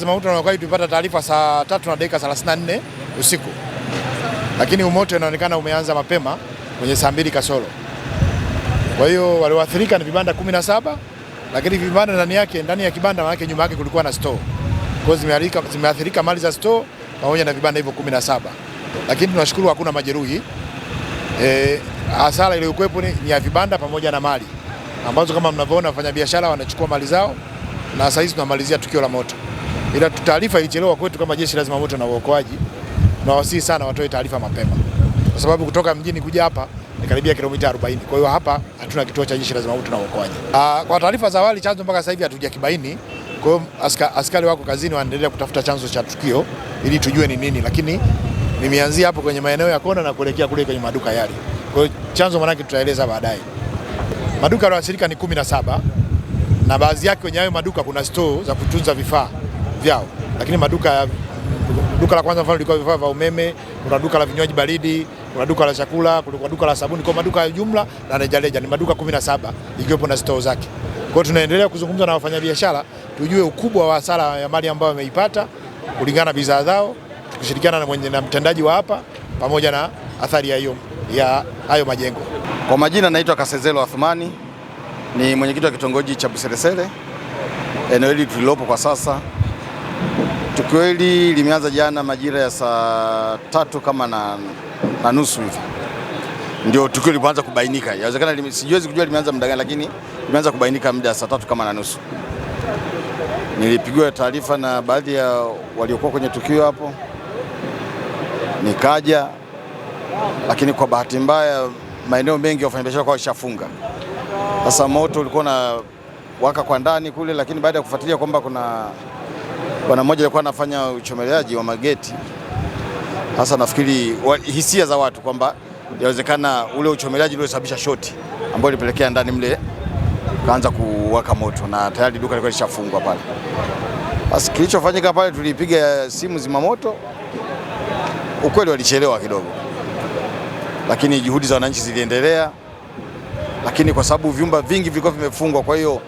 Zimamoto na wakati tulipata taarifa saa tatu na dakika 34 usiku, lakini umoto unaonekana umeanza mapema kwenye saa mbili kasoro. Kwa hiyo walioathirika ni vibanda 17, lakini vibanda ndani yake ndani ya kibanda maana nyuma yake kulikuwa na store. Kwa hiyo zimeathirika mali za store pamoja na vibanda hivyo 17, lakini tunashukuru hakuna majeruhi. Eh, hasara iliyokuwepo ni ya vibanda pamoja na mali ambazo kama mnavyoona wafanyabiashara wanachukua mali zao, na sasa hizi tunamalizia tukio la moto. ila taarifa ilichelewa kwetu kama jeshi lazima moto na uokoaji, na wasii sana watoe taarifa mapema, kwa sababu kutoka mjini kuja hapa ni karibia kilomita 40. Kwa hiyo hapa hatuna kituo cha jeshi lazima moto na uokoaji. Ah, kwa taarifa za awali chanzo mpaka sasa hivi hatujakibaini. Kwa hiyo askari wako kazini wanaendelea kutafuta chanzo cha tukio ili tujue ni nini, lakini nimeanzia hapo kwenye maeneo ya kona na kuelekea kule kwenye maduka yale. Kwa hiyo chanzo manake tutaeleza baadaye. Maduka yaliyoathirika ni 17 na baadhi yake kwenye hayo maduka kuna store za kutunza vifaa vyao, lakini maduka duka la kwanza mfano lilikuwa vifaa vya umeme, kuna duka la vinywaji baridi, kuna duka la chakula, kuna duka la sabuni, kwa maduka ya jumla na rejareja ni maduka 17 ikiwepo na stoo zake. Kwa hiyo tunaendelea kuzungumza na wafanyabiashara tujue ukubwa wa hasara ya mali ambayo wameipata kulingana na bidhaa zao, tukishirikiana na mwenye na mtendaji wa hapa pamoja na athari ya hiyo ya hayo majengo. Kwa majina naitwa Kasezelo Athumani, ni mwenyekiti wa kitongoji cha Buseresere, eneo hili tulilopo kwa sasa. Tukio hili limeanza jana majira ya saa tatu kama na, na nusu hivi ndio tukio lilipoanza kubainika. Inawezekana sijiwezi kujua limeanza muda gani, lakini limeanza kubainika muda saa tatu kama na nusu. Nilipigwa taarifa na baadhi ya waliokuwa kwenye tukio hapo, nikaja, lakini kwa bahati mbaya maeneo mengi ya wafanyabiashara kwa washafunga. Sasa moto ulikuwa na waka kwa ndani kule, lakini baada ya kufuatilia kwamba kuna Bwana mmoja alikuwa anafanya uchomeleaji wa mageti. Sasa nafikiri hisia za watu kwamba yawezekana ule uchomeleaji uliosababisha shoti ambayo ilipelekea ndani mle kaanza kuwaka moto na tayari duka lilikuwa lishafungwa pale. Basi kilichofanyika pale, tulipiga simu zimamoto. Ukweli walichelewa kidogo, lakini juhudi za wananchi ziliendelea, lakini kwa sababu vyumba vingi vilikuwa vimefungwa, kwa hiyo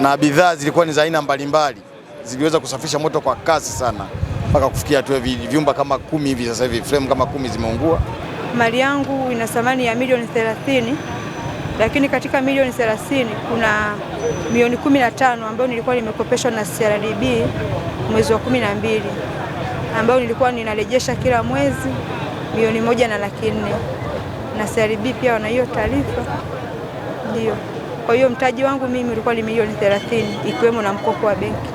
na bidhaa zilikuwa ni za aina mbalimbali ziliweza kusafisha moto kwa kasi sana mpaka kufikia tu vyumba kama kumi hivi sasa hivi frame kama kumi zimeungua. Mali yangu ina thamani ya milioni 30, lakini katika milioni 30 kuna milioni 15 ambayo nilikuwa nimekopeshwa na CRDB mwezi wa 12 ambayo nilikuwa ninarejesha kila mwezi milioni moja na laki nne na CRDB pia wana hiyo taarifa, ndio. Kwa hiyo mtaji wangu mimi ulikuwa ni milioni 30 ikiwemo na mkopo wa benki.